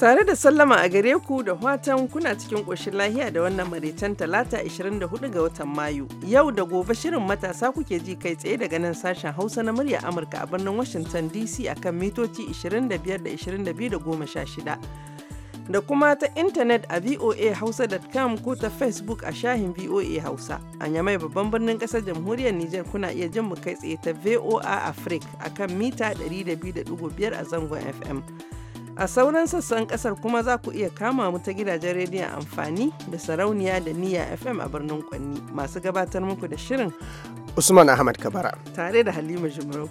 Tare da sallama a gare ku da watan kuna cikin ƙoshin lahiya da wannan maraicen talata 24 ga watan Mayu. Yau da gobe shirin matasa kuke ji kai tsaye daga nan sashen Hausa na murya Amurka a birnin Washington DC akan mitoci 25 da 22 da kuma ta intanet a voahausa.com ko ta Facebook a shahin VOA Hausa. A yamai babban birnin ƙasar jamhuriyar Nijar kuna iya jin mu kai tsaye ta VOA Africa akan mita 102.5 a zangon FM. A sauran sassan kasar kuma za ku iya kama mu ta gidajen rediyon amfani da sarauniya da niyya FM a birnin Kwanni masu gabatar muku da shirin Usman Ahmad Kabara tare da Halima Jumrau.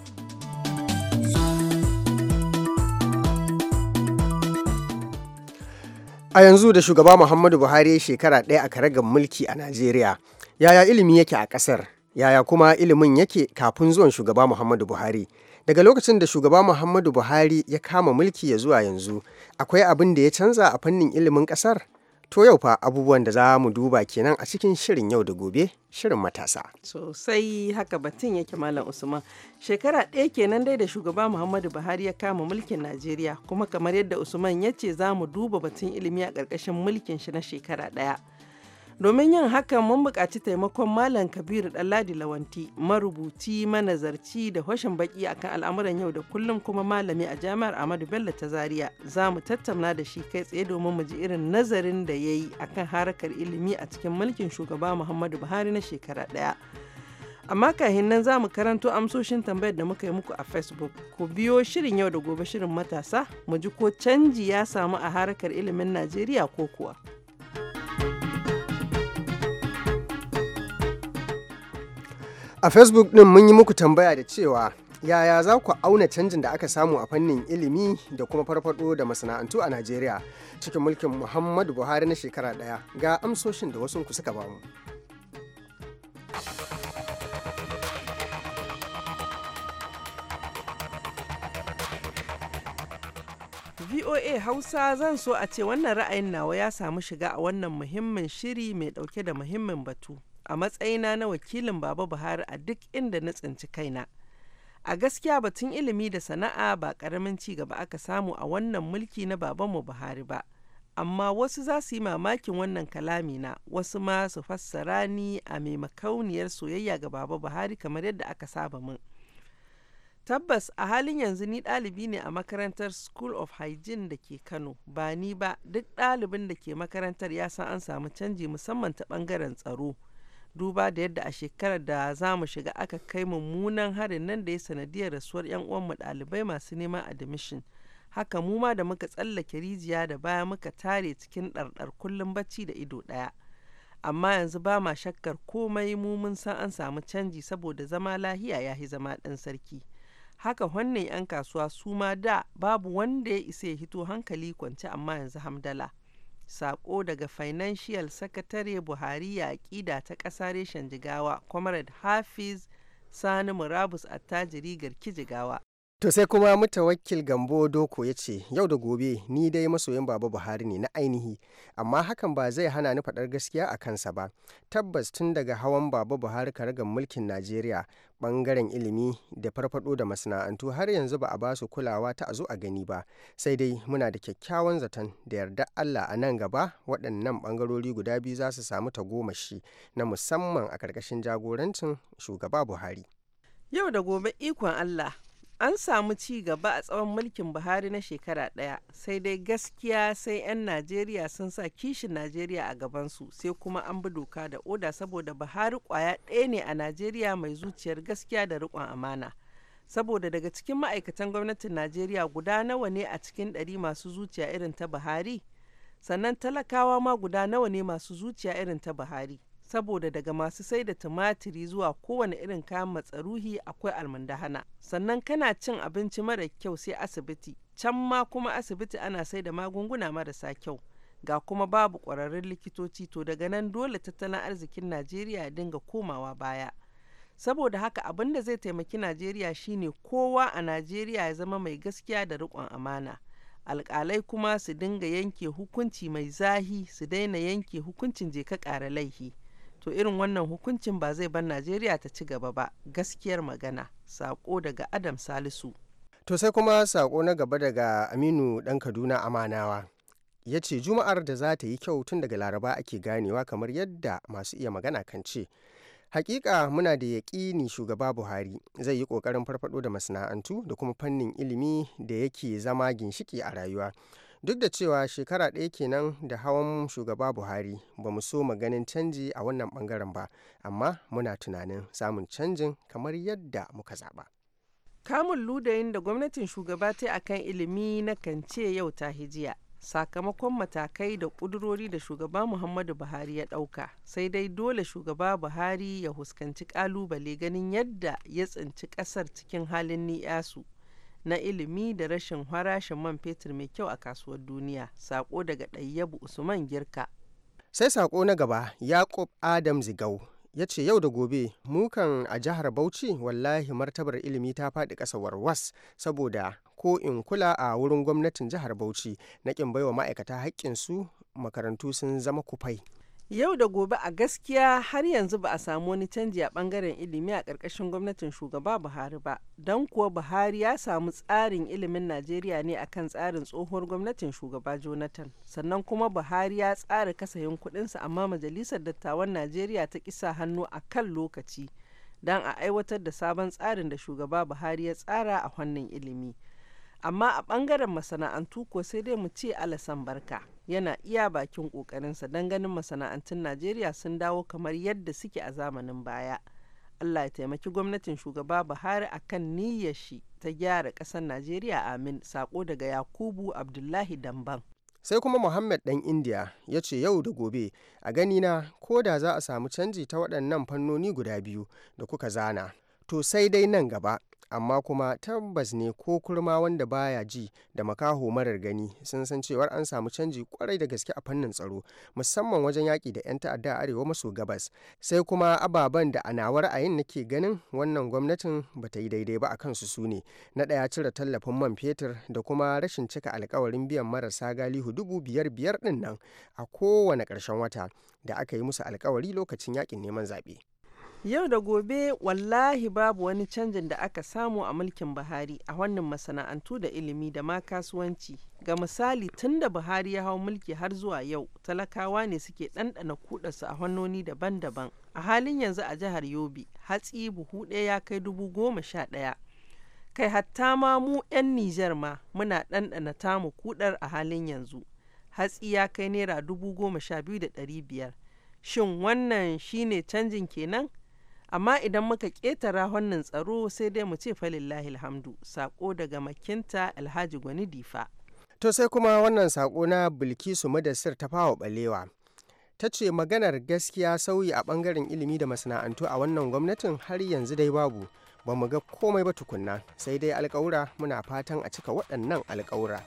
A yanzu da shugaba Muhammadu Buhari shekara ɗaya a karagar mulki a Najeriya, yaya ilimi yake a ƙasar, yaya kuma ilimin yake kafin zuwan shugaba Muhammadu Buhari. daga lokacin da shugaba muhammadu buhari ya kama mulki ya zuwa yanzu akwai abin da ya canza a fannin ilimin kasar to yau fa abubuwan da za mu duba kenan a cikin shirin yau da gobe shirin matasa sosai haka batun yake malam usman shekara ɗaya kenan dai da shugaba muhammadu buhari ya kama mulkin najeriya kuma kamar yadda usman ya ce za mu duba batun ilimi a ƙarƙashin mulkin shi na shekara ɗaya Domin yin hakan mun bukaci taimakon Malam Kabiru Ɗanladi Lawanti, marubuci, manazarci da hoshin baki akan al'amuran yau da kullum kuma malami a Jami'ar Ahmadu Bello ta Zaria. Za mu tattauna da shi kai tsaye domin mu ji irin nazarin da ya yi akan harakar ilimi a cikin mulkin shugaba Muhammadu Buhari na shekara ɗaya. amma kahin nan za mu karanto amsoshin tambayar da muka yi muku a facebook ku biyo shirin yau da gobe shirin matasa mu ji ko canji ya samu a harakar ilimin najeriya ko kuwa a facebook din mun yi muku tambaya da cewa yaya za ku auna canjin da aka samu a fannin ilimi da kuma farfado da masana'antu a najeriya cikin mulkin muhammadu buhari na shekara daya ga amsoshin da wasu ku suka bamu VOA Hausa zan so a ce wannan ra'ayin nawa ya samu shiga a wannan muhimmin shiri mai dauke da muhimmin batu. a matsayina na wakilin Baba Buhari a duk inda na tsinci kaina. A gaskiya batun ilimi da sana'a ba ƙaramin ci gaba aka samu a wannan mulki na babanmu Buhari ba. Amma wasu za su yi mamakin wannan kalamina wasu ma su fassara ni a maimakauniyar soyayya ga Baba Buhari kamar yadda aka saba min. Tabbas a halin yanzu ni ɗalibi ne a makarantar School of Hygiene da ke Kano, ba ni ba duk ɗalibin da ke makarantar ya san an samu canji musamman ta bangaren tsaro. duba da yadda a shekarar da za mu shiga aka kai mummunan harin nan da ya sanadiyar rasuwar 'yan uwanmu ɗalibai masu neman admission haka mu ma da muka tsallake rijiya da baya muka tare cikin ɗarɗar kullum bacci da ido ɗaya amma yanzu ba ma shakkar komai mu mun san an samu canji saboda zama lahiya ya yi zama ɗan sarki haka wannan 'yan kasuwa su ma da babu wanda ya isa ya hito hankali kwance amma yanzu hamdala Sako daga Financial Secretary Buhari ya aƙida ta ƙasa reshen Jigawa, Comrade Hafiz Sani Murabus attajiri garki Jigawa. To sai kuma mutawakkil Gambo Doko ya ce yau da gobe ni dai masoyin Baba Buhari ne na ainihi amma hakan ba zai hana ni faɗar gaskiya a kansa ba tabbas tun daga hawan Baba Buhari karagar mulkin Najeriya bangaren ilimi da farfado da masana'antu har yanzu ba a ba su kulawa ta a zo a gani ba sai dai muna da kyakkyawan zaton da yarda Allah a nan gaba waɗannan ɓangarori guda biyu za su samu tagomashi na musamman a ƙarƙashin jagorancin shugaba Buhari. Yau da gobe ikon Allah An samu ci gaba a tsawon mulkin Buhari na shekara daya sai dai gaskiya sai 'yan Najeriya sun sa kishin Najeriya a gabansu sai kuma an bi doka da oda saboda Buhari kwaya ɗaya ne a Najeriya mai zuciyar gaskiya da riƙon amana. Saboda daga cikin ma'aikatan gwamnatin Najeriya guda nawa ne a cikin ɗari masu zuciya irin ta Buhari? Sannan talakawa ma guda nawa ne masu zuciya irin ta Buhari? saboda daga masu sai da tumatiri zuwa kowane irin kayan matsaruhi akwai almundahana sannan kana cin abinci mara kyau sai asibiti can ma kuma asibiti ana sai da magunguna marasa kyau ga kuma babu ƙwararrun likitoci to daga nan dole tattalin arzikin najeriya ya dinga komawa baya saboda haka abin da zai taimaki najeriya shine kowa a najeriya ya zama mai gaskiya da riƙon amana alƙalai kuma su dinga yanke hukunci mai zahi su daina yanke hukuncin je ka ƙara laifi. to irin wannan hukuncin ba zai bar najeriya ta ci gaba ba gaskiyar magana sako daga adam salisu to sai kuma sako na gaba daga aminu dan kaduna amanawa ya ce juma'ar da za ta yi kyau tun daga laraba ake ganewa kamar yadda masu iya magana kan ce hakika muna da yaƙini shugaba buhari zai yi ƙoƙarin farfado da masana'antu da kuma fannin ilimi da yake zama ginshiki a rayuwa duk da cewa shekara ɗaya kenan da hawan shugaba buhari ba mu so ganin canji a wannan bangaren ba amma muna tunanin samun canjin kamar yadda muka zaɓa. kamun ludayin da gwamnatin shugaba ta akan ilimi na kance yau ta hijiya sakamakon matakai da ƙudurori da shugaba muhammadu buhari ya ɗauka sai dai dole shugaba buhari ya huskanci ƙalubale ganin yadda ya tsinci ƙasar cikin halin ni'yasu na ilimi da rashin harashin man fetur mai kyau a kasuwar duniya sako daga ɗayyabu usman girka sai sako na gaba yakub adam zigau ya ce yau da gobe mukan a jihar bauchi wallahi martabar ilimi ta faɗi ƙasa warwas saboda ko in kula a wurin gwamnatin jihar bauchi na ƙin baiwa ma'aikata haƙƙinsu makarantu sun zama kufai Yau da gobe a gaskiya har yanzu ba a samu wani canji a bangaren ilimi a ƙarƙashin gwamnatin shugaba Buhari ba, don kuwa Buhari ya samu tsarin ilimin Najeriya ne akan tsarin tsohuwar gwamnatin shugaba Jonathan. Sannan kuma Buhari ya tsara kasayin kuɗinsa amma Majalisar Dattawan Najeriya ta kisa hannu a kan lokaci don a aiwatar da sabon tsarin da shugaba Buhari ya tsara a wannan ilimi. Amma a bangaren masana'antu ko sai dai mu ce alasan barka. yana iya bakin ƙoƙarinsa don ganin masana'antun Najeriya sun dawo kamar yadda suke a zamanin baya. Allah ya taimaki gwamnatin shugaba Buhari a kan niyyar shi ta gyara ƙasar Najeriya amin sako daga Yakubu Abdullahi Damban. Sai kuma Muhammad ɗan indiya ya ce yau da gobe a ganina ko da za a samu canji ta waɗannan fannoni guda biyu da kuka zana. To sai dai nan gaba amma kuma tabbas ne ko kurma wanda baya ji da makaho marar gani sun san cewar an samu canji kwarai da gaske a fannin tsaro musamman wajen yaƙi da 'yan ta'adda arewa maso gabas sai kuma ababen da a a ra'ayin nake ganin wannan gwamnatin ba ta yi daidai ba a kansu su ne na ɗaya cire tallafin man fetur da kuma rashin cika alkawarin biyan marasa galihu dubu biyar biyar ɗin nan a kowane ƙarshen wata da aka yi musu alkawari lokacin yaƙin neman zaɓe. Yau da gobe wallahi babu wani canjin da aka samu a mulkin Buhari a wannan masana'antu da ilimi da ma kasuwanci. Ga misali tun da Buhari ya hau mulki har zuwa yau talakawa ne suke ɗanɗana kuɗarsu a hannoni daban-daban. A halin yanzu a jihar Yobe hatsi buhu ɗaya ya kai dubu goma sha ɗaya. Kai hatta ma mu 'yan Nijar ma muna ɗanɗana tamu kuɗar a halin yanzu. Hatsi ya kai naira dubu goma sha biyu da ɗari biyar. Shin wannan shine canjin kenan? amma idan muka ƙetara wannan tsaro sai dai mu ce falillahi alhamdu sako daga makinta alhaji gwani difa to sai kuma wannan sako na bilkisu madasir ta fawa balewa ta ce maganar gaskiya sauyi a bangaren ilimi da masana'antu a wannan gwamnatin har yanzu dai babu ba mu ga komai ba tukunna sai dai alkawura muna fatan a cika waɗannan alkawura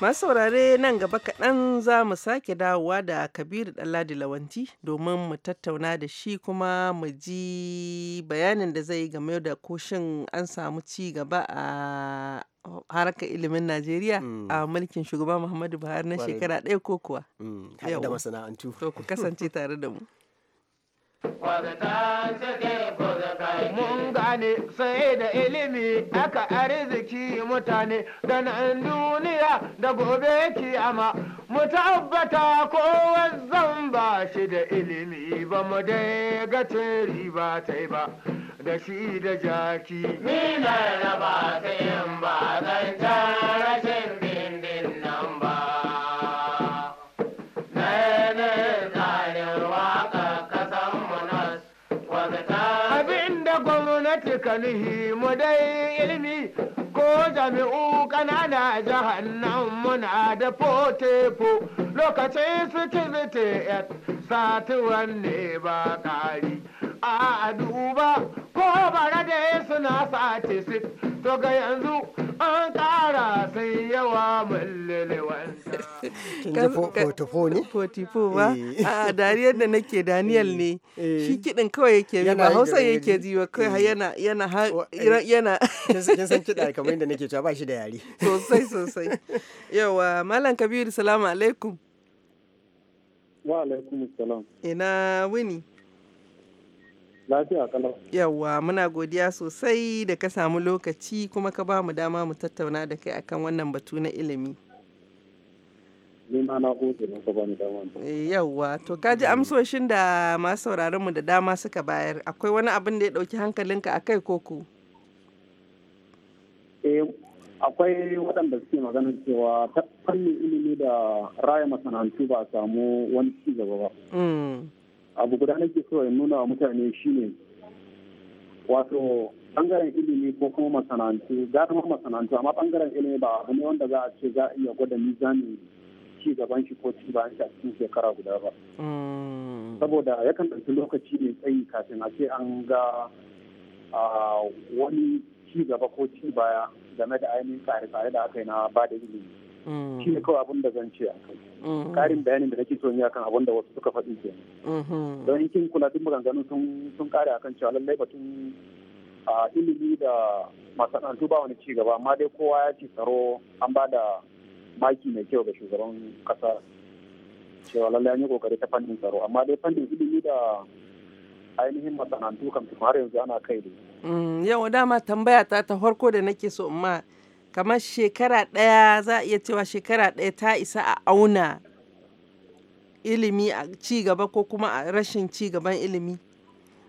Masu saurare nan gaba kaɗan za mu sake dawowa da Kabiru Ɗanladi Lawanti domin mu tattauna da shi kuma mu ji bayanin da zai yi game da koshin an samu ci gaba a haraka ilimin Najeriya mm. a mulkin shugaba Muhammadu Buhari na shekara ɗaya ko kuwa. Mm. Yau da masana'antu. To ku kasance tare da mu. Mun gane sai da ilimi aka arziki mutane da nan duniya da gobe kiyama mu tabbata kowan zan ba shi da ilimi ba mu dai ga ba, ta ba da shi da jaki. Ni na raba ta yin ba. ka nuhi mu dai ilimi ko jami'u ƙanana jahannan muna da potepo lokacin su kizite satuwan ne ba ƙari a duba ko bara da suna sati to ga yanzu an ƙara sai yawa wanda. Kin ji 44 ne? 44 ba? Eh. A dariyar da nake Daniel ne. Eh. Eh. Shi kiɗin kawai yake bi ba Hausa yake ji ba kai yana yana yana. Kin san kiɗa kamar yadda nake cewa ba shi da yare. Sosai sosai. Yawa Malam Kabiru salamu alaikum. Wa alaikum salam. Ina wuni. Lafiya Yawwa muna godiya sosai da ka samu lokaci kuma ka ba mu dama mu tattauna da kai akan wannan batu na ilimi. Eh, yawwa to ka ji amsoshin da masu sauraron mu da dama suka bayar akwai wani abin da ya dauki hankalinka kai koko? Eh, akwai waɗanda suke maganin cewa ta fannin ilimi da raya masana'antu ba samu wani ci gaba ba. Mm. abu guda nake so in nuna wa mutane shine wato bangaren ilimi ko kuma masana'antu ta kuma masana'antu amma bangaren ilimi ba abu ne wanda za a ce za a iya gwada mizanin ci gaban shi ko ci bayan shi a cikin shekara guda ba hmm. saboda yakan ɗauki lokaci mai tsayi kafin a ce an ga wani ci gaba ko ci baya game da ainihin tsare-tsare da aka yi na ba da ilimi Mm. shi ne kawai abin da zan ce a kai mm. karin bayanin da nake son ni akan abin da wasu suka faɗi ke mm-hmm. don kin kula duk maganganun sun kare akan cewa lallai batun ilimi da masana'antu ba wani ci gaba amma dai kowa ya ci tsaro an ba da maki mai kyau ga shugaban kasa cewa lallai an yi kokari ta fannin tsaro amma dai fannin ilimi da ainihin masana'antu kam har yanzu ana kai da mm, yawa dama tambaya ta ta farko da nake so ma kamar shekara ɗaya za a iya cewa shekara ɗaya ta isa a auna ilimi a ci gaba ko kuma a rashin ci gaban ilimi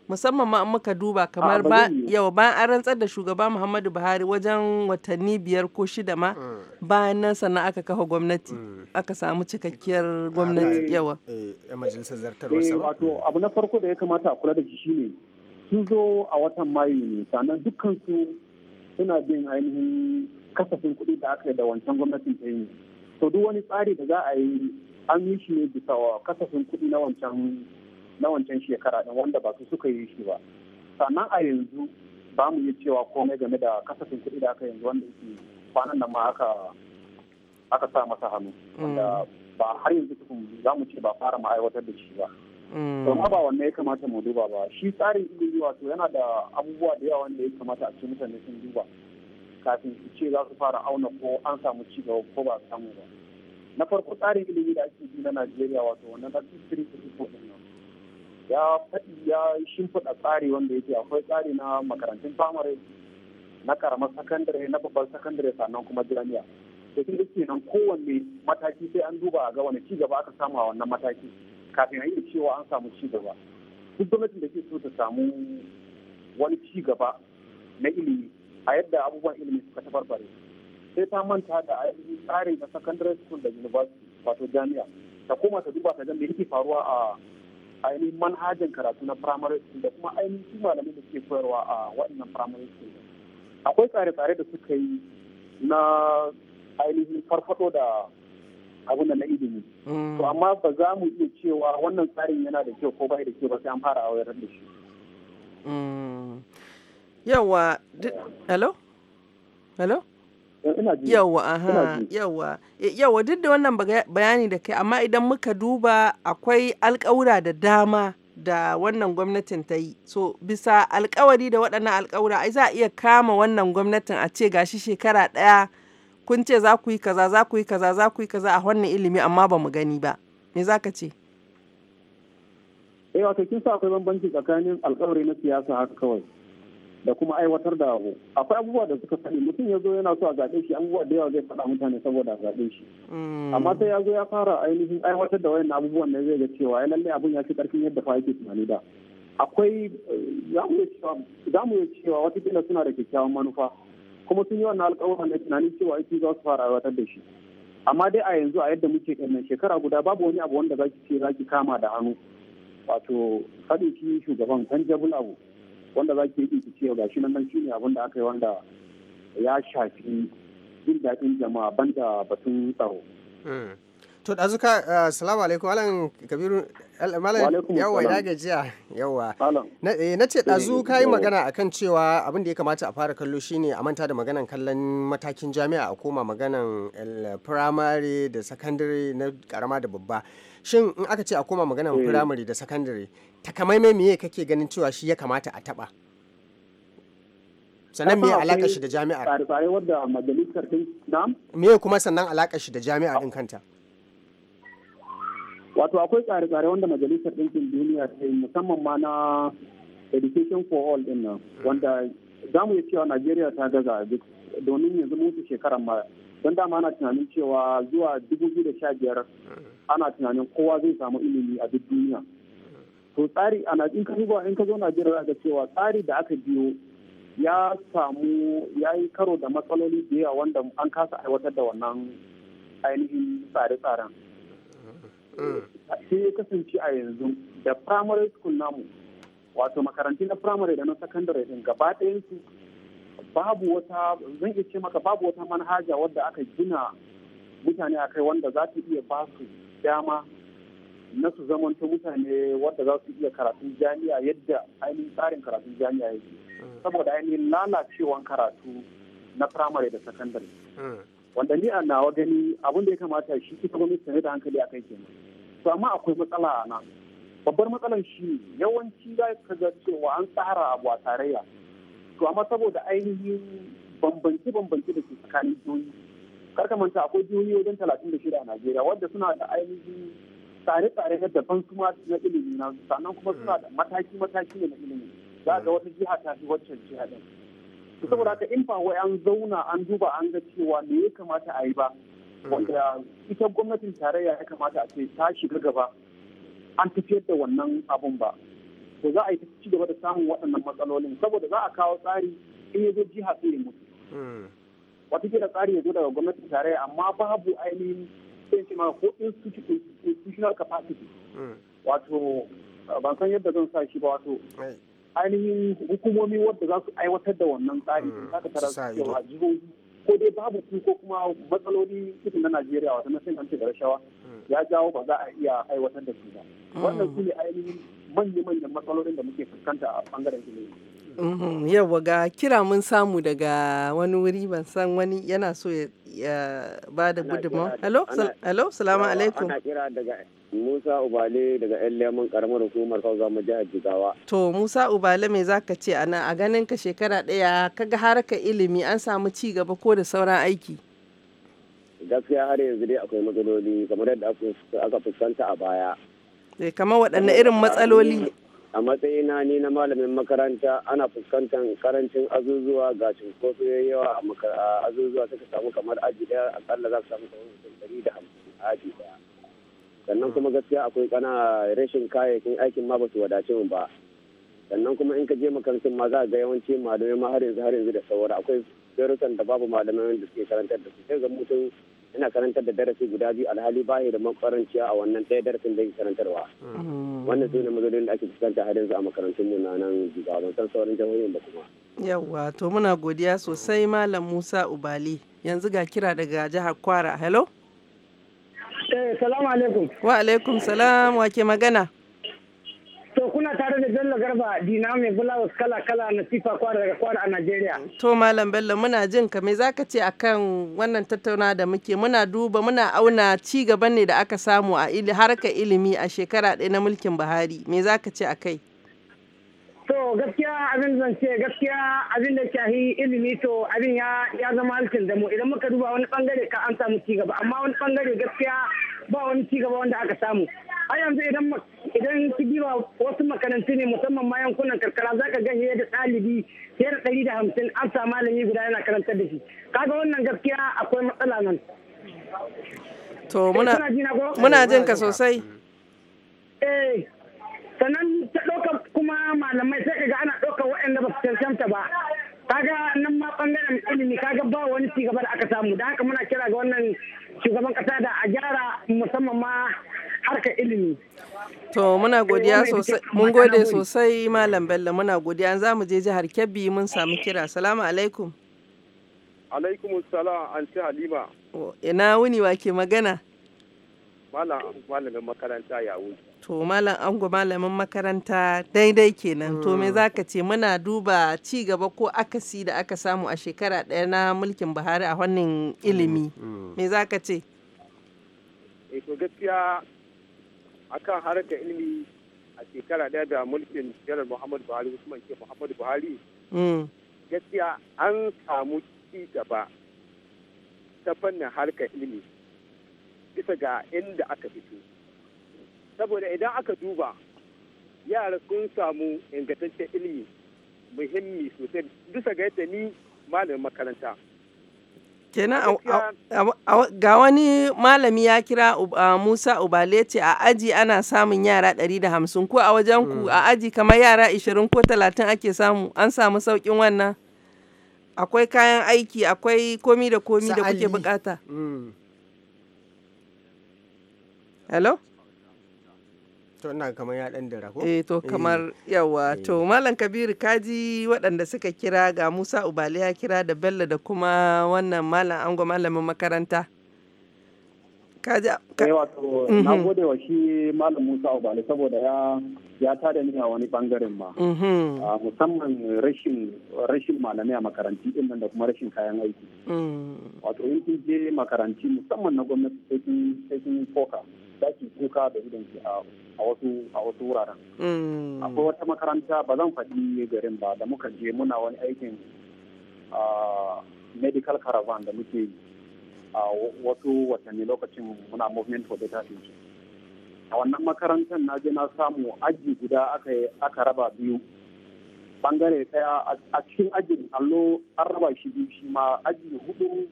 musamman ma muka duba kamar ba yau ba an rantsar da shugaba muhammadu buhari wajen watanni biyar ko shida ma mm. bayan nan sannan aka kafa gwamnati mm. aka samu cikakkiyar gwamnati yawa eh, eh, eh, wato abu na farko da ya kamata a kula da shi ne sun zo a watan mayu ne sannan dukkan su suna bin ainihin kasafin kuɗi da aka yi da wancan gwamnatin ta yi to duk wani tsari da za a yi an yi shi ne bisa wa kasafin kuɗi na wancan shekara ɗin wanda ba su suka yi shi ba sannan a yanzu ba mu yi cewa komai game da kasafin kuɗi da aka yanzu wanda yake kwanan nan ma aka aka sa masa hannu wanda mm. ba har yanzu za mu ce ba fara ma'aiwatar da shi ba mm. to ma ba wannan ya kamata mu duba ba shi tsarin ilimi wato yana da abubuwa da yawa wanda ya kamata a ce mutane sun duba kafin su ce za su fara auna ko an samu ci gaba ko ba samu ba na farko tsarin ilimi da ake bi na najeriya wato wannan na three ya faɗi ya shimfiɗa tsari wanda yake akwai tsari na makarantun firamare na karamar sakandare na babbar sakandare sannan kuma jami'a da su dake nan kowanne mataki sai an duba a ga wani ci gaba aka samu a wannan mataki kafin a yi cewa an samu ci gaba duk gwamnatin da ke so ta samu wani ci gaba na ilimi a yadda abubuwan ilimi suka tabarbare sai ta manta da ainihin tsari na secondary school da university wato jami'a ta koma ta duba ta ga me yake faruwa a ainihin manhajan karatu na primary school da kuma ainihin malamai da suke koyarwa a waɗannan primary school akwai tsare-tsare da suka yi na ainihin farfado da abin da na ilimi mm. to amma ba za mu iya cewa wannan tsarin yana da kyau ko bai da kyau ba sai an fara a wayar da shi mm. yawa hello hello yawa aha yawa yawa duk da wannan bayani da kai amma idan muka duba akwai alƙawura da dama da wannan gwamnatin ta yi so bisa alkawari da waɗannan alkawura ai za a iya kama wannan gwamnatin a ce gashi shekara ɗaya kun ce za ku yi kaza za ku yi kaza za ku yi kaza a wannan ilimi amma ba mu gani ba me za ka ce eh wato kin sa akwai bambanci tsakanin alkawari na siyasa haka kawai da kuma aiwatar da abu akwai abubuwa da suka sani mutum ya zo yana so a zaɓe shi abubuwa da yawa zai faɗa mutane saboda a zaɓe shi mm. amma sai ya zo ya fara ainihin aiwatar da wayannan abubuwan da zai ga cewa ya lallai abun ya fi ƙarfin yadda fa yake tunani da akwai eh, za mu iya cewa watakila suna da kyakkyawan manufa kuma sun yi wannan alƙawarin na tunanin cewa ita za su fara aiwatar da shi amma dai a yanzu a yadda muke ɗannan shekara guda babu wani abu wanda za ki ce za ki kama da hannu wato faɗin shi shugaban tangible abu wanda za ki yi cewa ga shi nan shi ne abin da aka yi wanda ya shafi jin daɗin jama'a banda batun tsaro. Hmm. to da zuka eh, salamu alaikum alan kabiru malam yawa ya gajiya yawa eh, na ce ɗazu eh, ka yi magana akan cewa abin da ya kamata a fara kallo shine a manta da maganan kallon matakin jami'a a koma maganan firamare da sakandare na karama da babba shin in aka ce a koma maganar eh. firamare da sakandare takamaimai miye kake ganin cewa shi ya kamata a taɓa sannan miye alaka shi da jami'ar miye kuma sannan alaka shi da jami'ar din kanta wato akwai tsare-tsare wanda majalisar ɗinkin duniya ta yi musamman ma na education for all din nan wanda za mu iya cewa najeriya ta gaza domin yanzu mutu shekarar ma don dama ana tunanin cewa zuwa 2015 ana tunanin kowa zai samu ilimi a duk duniya to tsari ana in ka duba in ka zo Najeriya ga cewa tsari da aka biyo ya samu ya yi karo da matsaloli da yawa wanda an kasa aiwatar da wannan ainihin tsare-tsaren sai ya kasance a yanzu da primary school namu wato makarantu na primary da na secondary din gaba su? babu wata zan iya ce maka babu wata manhaja wadda aka gina mutane a kai wanda za ta iya ba su dama na su zamanto mutane wanda za su iya karatun jami'a yadda ainihin tsarin karatun jami'a yake mm. saboda ainihin lalacewan karatu na firamare da sakandare mm. wanda ni a nawa gani abin da ya kamata shi ita gwamnati ta da hankali a kai kenan to amma akwai matsala a nan babbar matsalar shi yawanci za ka ga cewa an tsara abu a tarayya to amma saboda ainihin bambance-bambance da ke tsakanin jihohi karka manta akwai jihohi wajen talatin da shida a najeriya wadda suna da ainihin tsare-tsare na daban kuma na ilimi na sannan kuma suna da mataki-mataki da na ilimi za ga wata jiha ta fi waccan jiha ɗin saboda haka in ba wai an zauna an duba an ga cewa me ya kamata a yi ba wanda ita gwamnatin tarayya ya kamata a ce ta shiga gaba an tafiyar da wannan abun ba to za a yi ta ci gaba da samun waɗannan matsalolin saboda za a kawo tsari in ya zo jiha sai ya mutu hmm. watakila tsari ya zo daga gwamnatin tarayya amma babu ainihin sai shi ma ko institutional capacity wato ban san yadda zan sa shi ba wato ainihin hukumomi wadda za su aiwatar da wannan tsari hmm, sun tara a jihohi ko dai babu su ko kuma matsaloli cikin na najeriya wato na hanci da rashawa hmm. ya jawo ba za a iya aiwatar da su ba wannan hmm. su ne ainihin manya-manyan matsalolin da muke fuskanta a bangaren ilimi Uhm, yauwa ga kira mun samu daga wani wuri ban san wani yana so ya ba da gudunmawa. Hello, salamu alaikum. Musa Ubale daga ‘yan lemun karamar hukumar kawo zama jihar Jigawa. To Musa Ubale me ka ce a nan a ganin ka shekara ɗaya kaga harka ilimi an samu ci gaba ko da sauran aiki. Gaskiya har yanzu dai akwai matsaloli kamar yadda aka fuskanta a baya. Eh, kamar waɗanne irin matsaloli. a matsayina ni na malamin makaranta ana fuskantar karancin azuzuwa ga cinkoso ya yawa a azuzuwa suka samu kamar aji daya akalla za ka samu kamar da hamsin a aji daya sannan kuma gaskiya akwai kana rashin kayayyakin aikin ma ba su wadace mu ba sannan kuma in ka je makarantun ma za a ga yawanci malamai ma har yanzu har yanzu da saura akwai darussan da babu malamai da suke karantar da su sai ga mutum ina karantar da darasi guda biyu alhali ba da makwaranciya a wannan ɗaya darasin da karantarwa mm. wannan su ne da ake fuskanta har yanzu a makarantun mu na nan jiga ban san sauran jihohin ba kuma yawwa to muna godiya sosai malam musa ubali yanzu ga kira daga jihar kwara hello eh salamu alaikum wa alaikum salam wa ke magana To kuna tare da Bello Garba Dina mai bulawus kala-kala na sifa kwara daga kwara a Najeriya. To Malam Bello muna jin ka me zaka ce akan wannan tattauna da muke muna duba muna auna ci gaban ne da aka samu a ili, harkar ilimi a shekara ɗaya na mulkin Buhari me zaka ce akai? To gaskiya abin zan ce gaskiya abin da shahi ilimi to abin ya ya zama halkin da mu idan muka duba wani bangare ka an samu ci gaba amma wani bangare gaskiya ba wani ci gaba wanda aka samu. a yanzu idan idan kibiwa wasu makarantu ne musamman ma yankunan karkara ka ga da talibi fiye da ɗari da hamsin an sa malami guda yana karantar da shi kaga wannan gaskiya akwai matsala nan to muna jin ka sosai eh sannan ta ɗauka kuma malamai sai ga ana ɗauka waɗanda ba su cancanta ba kaga nan ma bangaren ilimi kaga ba wani cigaba da aka samu da haka muna kira ga wannan shugaban kasa da a gyara musamman ma harkar ilimi to muna eh, godiya sosai mun gode sosai malam bello muna godiya za mu je jihar kebbi mun samu kira salamu alaikum alaikum salam an ce halima ina wuni wa ke magana malam malamin makaranta ya wuce. to malam ango malamin makaranta daidai kenan to me hmm. za ka ce muna duba ci gaba ko akasi da aka samu a shekara ɗaya na mulkin buhari a wannan ilimi hmm. Hmm. me za ka ce eh, gaskiya akan harkar ilimi a shekara daya da mulkin jiran muhammadu buhari usman ke muhammadu buhari mm. gaskiya an samu ci gaba ta fannin harkar ilimi bisa ga inda aka fito saboda idan aka duba yara sun samu ingantaccen ilimi muhimmi sosai bisa ga yadda ni malamin makaranta kenan ga wani malami ya kira musa ubalece a aji ana samun yara 150 ko a wajen ku hmm. a aji kamar yara 20 ko 30 ake samu an samu saukin wannan akwai kayan aiki akwai komi da komi da kuke bukata hmm. hello to ina kamar ya dan dara ko eh to eh. kamar yawa eh. to malam kabiru kaji waɗanda suka kira ga musa ubali ya kira da bello da kuma wannan malam ango malamin makaranta kaji ka eh, wato mhm. na gode wa shi malam musa ubali saboda ya ya da ni a wani bangaren ma mhm. musamman rashin rashin malamai a makaranti din da kuma rashin kayan aiki mm. wato in kun je makaranti musamman na gwamnati sai kun sai kun foka daki kuka da idan ki a wasu a wasu wuraren mm. akwai wata makaranta ba zan faɗi garin ba da muka je muna wani aikin medical caravan da muke a wasu watanni lokacin muna movement for better future a wannan makarantar na je na samu aji guda aka aka raba biyu bangare daya a cikin ajin allo an raba shi biyu shi ma aji hudu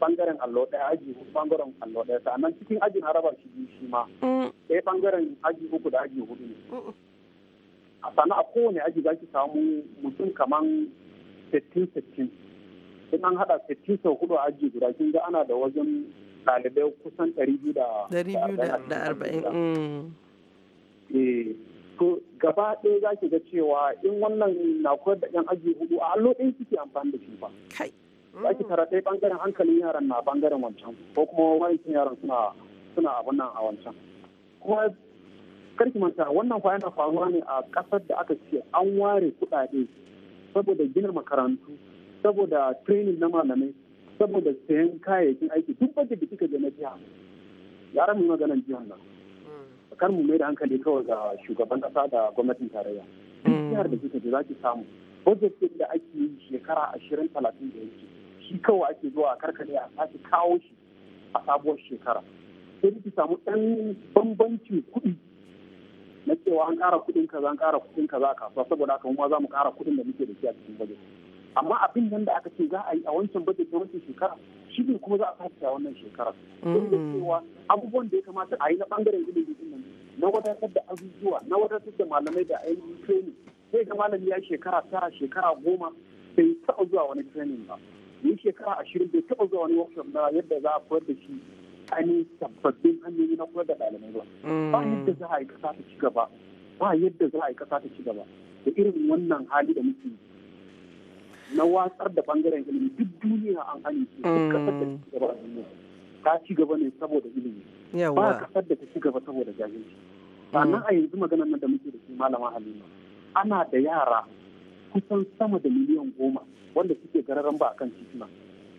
bangaren allo daya aji hudu bangaren allo daya sannan cikin ajin an raba shi biyu shi ma mm. ɗaya bangaren aji uku da aji hudu ne sannan a kowane aji za ki samu mutum kaman sittin sittin in an haɗa sau hudu a aji guda kin ga ana da wajen ɗalibai kusan 240 mm. eh, to gaba ɗaya za ki ga cewa in wannan na koyar da ɗan aji hudu a allo ɗin suke amfani da shi ba za ki tara ɗaya ɓangaren hankalin yaran na ɓangaren wancan ko kuma wancan yaran suna suna abin nan a wancan kuma karki manta wannan fa na faruwa ne a ƙasar da aka ce an ware kuɗaɗe saboda gina makarantu saboda training na malamai saboda sayan kayayyakin aiki duk budget da kika ga jiha ya rami maganan jihar nan hmm. kar mu mai da hankali kawai ga shugaban kasa da gwamnatin tarayya hmm. jihar da kika je za ki samu budget din da ake yi shekara ashirin talatin da yake shi kawai ake zuwa a karkare a sake kawo shi a sabuwar shekara sai ki samu ɗan bambancin kuɗi na cewa an ƙara kuɗin kaza an ƙara kuɗin kaza kasuwa saboda haka mu ma za mu ƙara kuɗin da muke da shi a cikin budget amma abin nan da aka ce za a yi a wancan budget na wancan shekara shi ne kuma za a sake a wannan shekara don da mm. cewa abubuwan da ya kamata a yi na bangaren ilimi nan na wadatar da azuzuwa na wadatar da malamai da ainihin training sai ga malami ya shekara tara shekara goma bai taɓa zuwa wani training ba yi shekara ashirin bai taɓa zuwa wani workshop na yadda za a koyar da shi ainihin sababbin hanyoyi na koyar da ɗalibai ba ba mm. yadda za a yi ƙasa ta ci gaba ba yadda za a yi ƙasa ta ci gaba da irin wannan hali da muke na watsar da bangaren ilimi duk duniya an amince duk mm. kasar da ci gaba a duniya ta ci gaba ne saboda ilimi ba kasar da ta ci gaba saboda jahilci sannan a yanzu maganar nan da muke da su malama halima ana da yara kusan sama da miliyan goma wanda suke gararan ba akan titina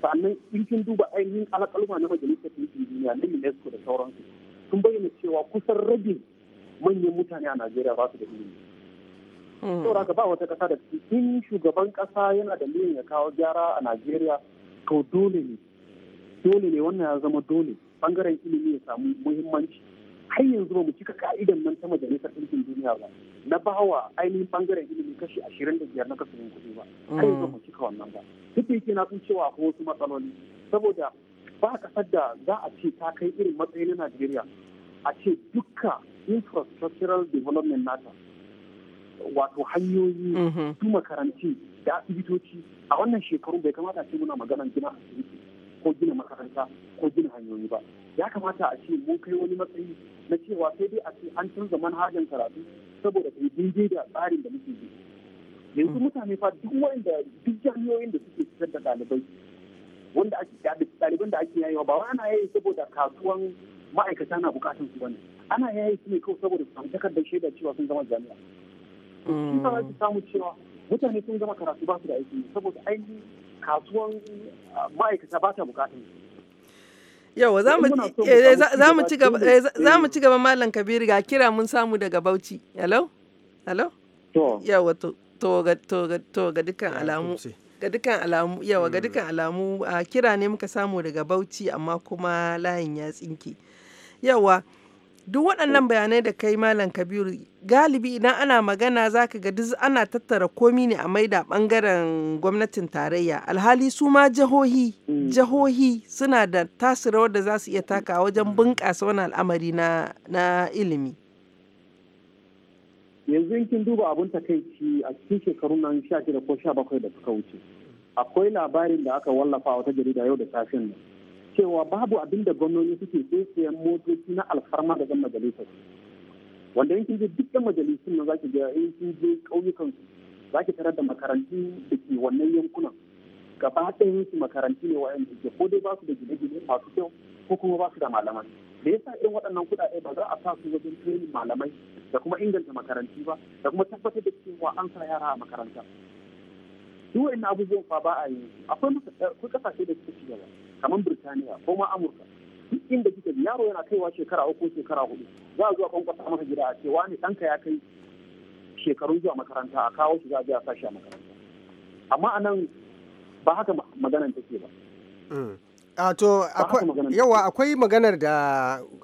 sannan in kin duba ainihin alakaluma na majalisar ɗinkin duniya na unesco da sauransu sun bayyana cewa kusan rabin manyan mutane a najeriya ba su da ilimi Mm. saboda ka ba wata kasa da in shugaban kasa yana da niyyar ya kawo gyara a najeriya to dole ne dole ne wannan ya zama dole bangaren ilimi ya samu muhimmanci har yanzu ba mu cika ka'idan nan ta majalisar ɗinkin duniya ba na bawa ainihin bangaren ilimi kashi ashirin da biyar na kasafin kuɗi ba har yanzu ba mu cika wannan ba duk da yake na sun cewa akwai wasu matsaloli saboda ba kasar da za a ce ta kai irin matsayi na najeriya a ce duka infrastructural development nata wato hanyoyi mhm. su makaranti da asibitoci a wannan shekaru bai kamata ce muna maganar gina asibiti ko gina makaranta ko gina hanyoyi ba ya kamata a ce mun kai wani matsayi na cewa sai dai a ce an canza manhajan karatu saboda ta daidai da tsarin da muke bi yanzu mm. mutane fa duk wanda duk jami'oyin da suke fitar da ɗalibai wanda ake ɗaliban da ake yayewa ba wani yayi saboda kasuwan ma'aikata na bukatun su bane ana yayi su ne kawai saboda su samu takardar shaida cewa sun zama jami'a shi mm. karatu ba da aiki saboda za mu ci gaba eh, malam kabiru ga kira mun samu daga bauchi hello hello to ga dukkan alamu ga mm. dukkan alamu yawa ah, ga dukkan alamu kira ne muka samu daga bauchi amma kuma layin ya tsinke yawa duk waɗannan bayanai da kai malam kabiru galibi idan ana magana zaka ga duk ana tattara komi ne a maida ɓangaren gwamnatin tarayya alhali su ma jihohi mm. jihohi suna da tasu rawar da za su iya taka wajen bunƙasa wani al'amari na, na ilimi yanzu kin duba abun takaici a cikin shekarun nan sha shida ko sha bakwai da suka wuce akwai labarin da aka wallafa wata jarida yau da safen nan cewa babu abin da gwamnoni suke sai sayan motoci na alfarma da zan majalisar wanda yankin je dukkan majalisun nan zaki ga yankin je ƙauyukan su zaki tarar da makarantu da ke wannan yankunan gaba ɗayan su makarantu ne wayan ke ko dai ba su da gine-gine masu kyau ko kuma ba su da malamai da yasa irin waɗannan kuɗaɗe ba za a sa su wajen training malamai da kuma inganta makarantu ba da kuma tabbatar da cewa an sa yara a makaranta duk ina abubuwan fa ba a yi akwai kasashe da suka ci kamar Birtaniya ko ma Amurka duk inda kike ji yaro yana kaiwa shekara uku shekara hudu za a zuwa kwankwasa maka gida a ce wani ɗanka ya kai shekaru zuwa makaranta a kawo shi za a sashi a makaranta amma a nan ba haka maganan take ba mm. a to yawa akwai maganar da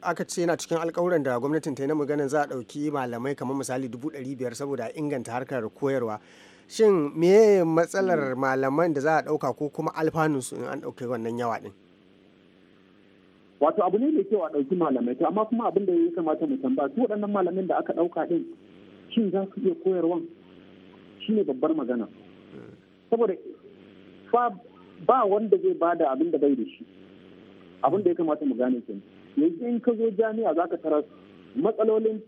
aka ce yana cikin alkawuran da gwamnatin ta yi na maganar za a ɗauki malamai kamar misali dubu ɗari biyar saboda inganta harkar koyarwa shin me matsalar hmm. malaman da za a ɗauka ko kuma alfanunsu in an ɗauke wannan yawa ɗin wato abu ne mai kyau a ɗauki malamai to amma kuma abin da ya kamata mu tambaya su waɗannan malamin da aka ɗauka ɗin shin za su iya koyarwan shi ne babbar magana saboda ba wanda zai bada abin da bai da shi abin da ya kamata mu gane kenan yanzu in ka zo jami'a za ka tara matsalolin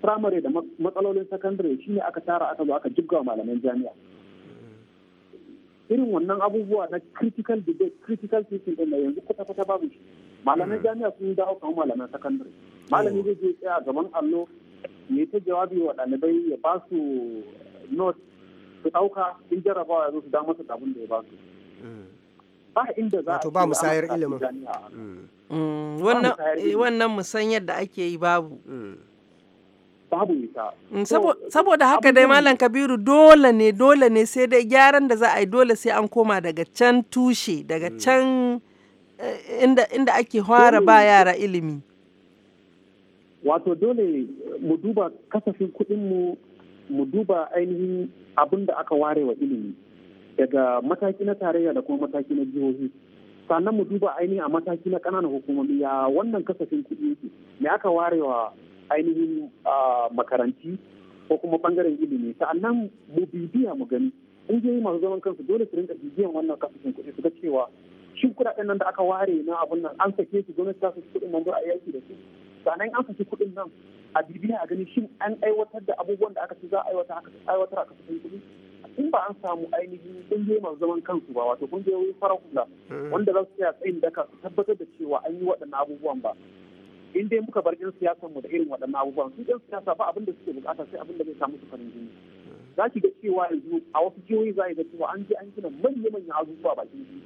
firamare da matsalolin sakandare shine aka tara aka zo aka jibga malaman jami'a irin wannan abubuwa na critical debate critical thinking din yanzu kwata-kwata babu shi malaman hmm. jami'a sun dawo kan malaman sakandare malami hmm. zai je tsaya gaban allo ya ta jawabi wa ɗalibai ya ba su note su ɗauka in jarabawa ya zo su da masa abin da ya ba su hmm. ba inda za a ba musayar eh, ilimin wannan musayar da ake yi babu babu ita. Mm, saboda haka dai Malam Kabiru dole ne dole ne sai dai gyaran da za a yi dole sai an koma daga can tushe daga mm. can eh, inda ake fara ba yara ilimi. Wato dole mu duba kasafin kuɗinmu mu duba ainihin abin da aka ware wa ilimi daga mataki na tarayya da kuma mataki na jihohi. sannan mu duba ainihin a mataki na ƙananan hukumomi ya wannan kasafin kuɗi me aka ware wa ainihin makaranti ko kuma bangaren ilimi sa'annan mu bibiya mu gani yi masu zaman kansu dole su rinka bibiyan wannan kasafin kuɗi su ga cewa shin kuɗaɗen nan da aka ware na abun nan an sake su gwamnati ta saki kuɗin nan a yaki da su sannan an saki kuɗin nan a bibiya a gani shin an aiwatar da abubuwan da aka ci za a aiwatar a kasafin kuɗi in ba an samu ainihin kungiyoyi masu zaman kansu ba wato kungiyoyi farar hula mm. wanda za su tsaya tsayin daka su tabbatar da cewa an yi waɗannan abubuwan ba in dai muka bar 'yan siyasar mu da irin waɗannan abubuwan su 'yan siyasa ba abin da suke bukata sai abin da zai samu su farin jini za ki ga cewa yanzu a wasu jihohi za ga cewa an je an gina manya manya abubuwa bakin titi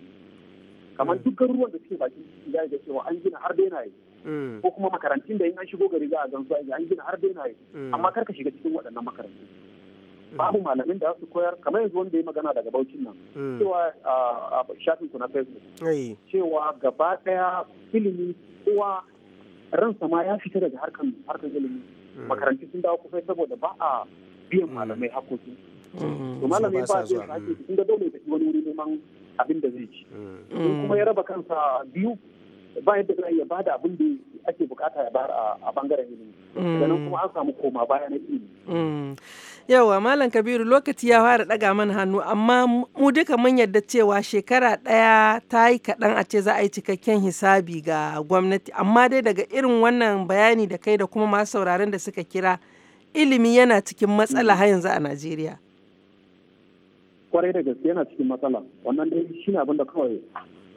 kamar mm. dukkan ruwan da suke bakin titi za ga cewa an gina har benaye mm. ko kuma makarantun da in an shigo gari za a gan su an gina har benaye mm. amma kar ka shiga cikin waɗannan makarantun babu malamin da su koyar kamar yanzu wanda ya magana daga baucin nan cewa ah, a shafin na facebook cewa gaba daya ilimi kowa ransa ma ya fita daga harkan harkan ilimi mm. makarantu sun dawo kusa saboda ba a biyan mm. malamai hakoki mm. to malamai ba zai sake sun dole da wani wuri neman abin da zai ci kuma ya raba kansa biyu ba yadda za ya bada abin da ake bukata ya bayar a bangaren ilimi ganin kuma an samu koma baya na ilimi mm. yawa malam kabiru lokaci ya fara daga man hannu amma mu duka mun yarda cewa shekara daya ta yi kaɗan a ce za a yi cikakken hisabi ga gwamnati amma dai daga irin wannan bayani da kai da kuma masu sauraron da suka kira ilimi yana cikin matsala har yanzu a najeriya kwarai da gaske yana cikin matsala wannan dai shi ne abin da kawai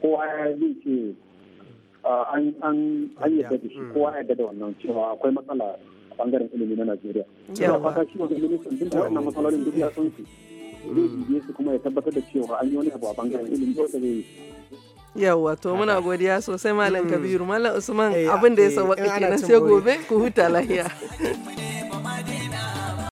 kowa ya zai ce Uh, an yadda da shi kowa ya da wannan cewa akwai matsala a bangaren ilimi na Najeriya. Ina fata shi wanda ministan duk wannan matsalolin duk ya san su. Mm. Zai su kuma ya tabbatar da cewa an yi wani abu a bangaren ilimi da zai yawwa to muna godiya sosai malam mm. kabiru malam usman eh, abin da ya eh, sauwaka kenan sai gobe ku huta lahiya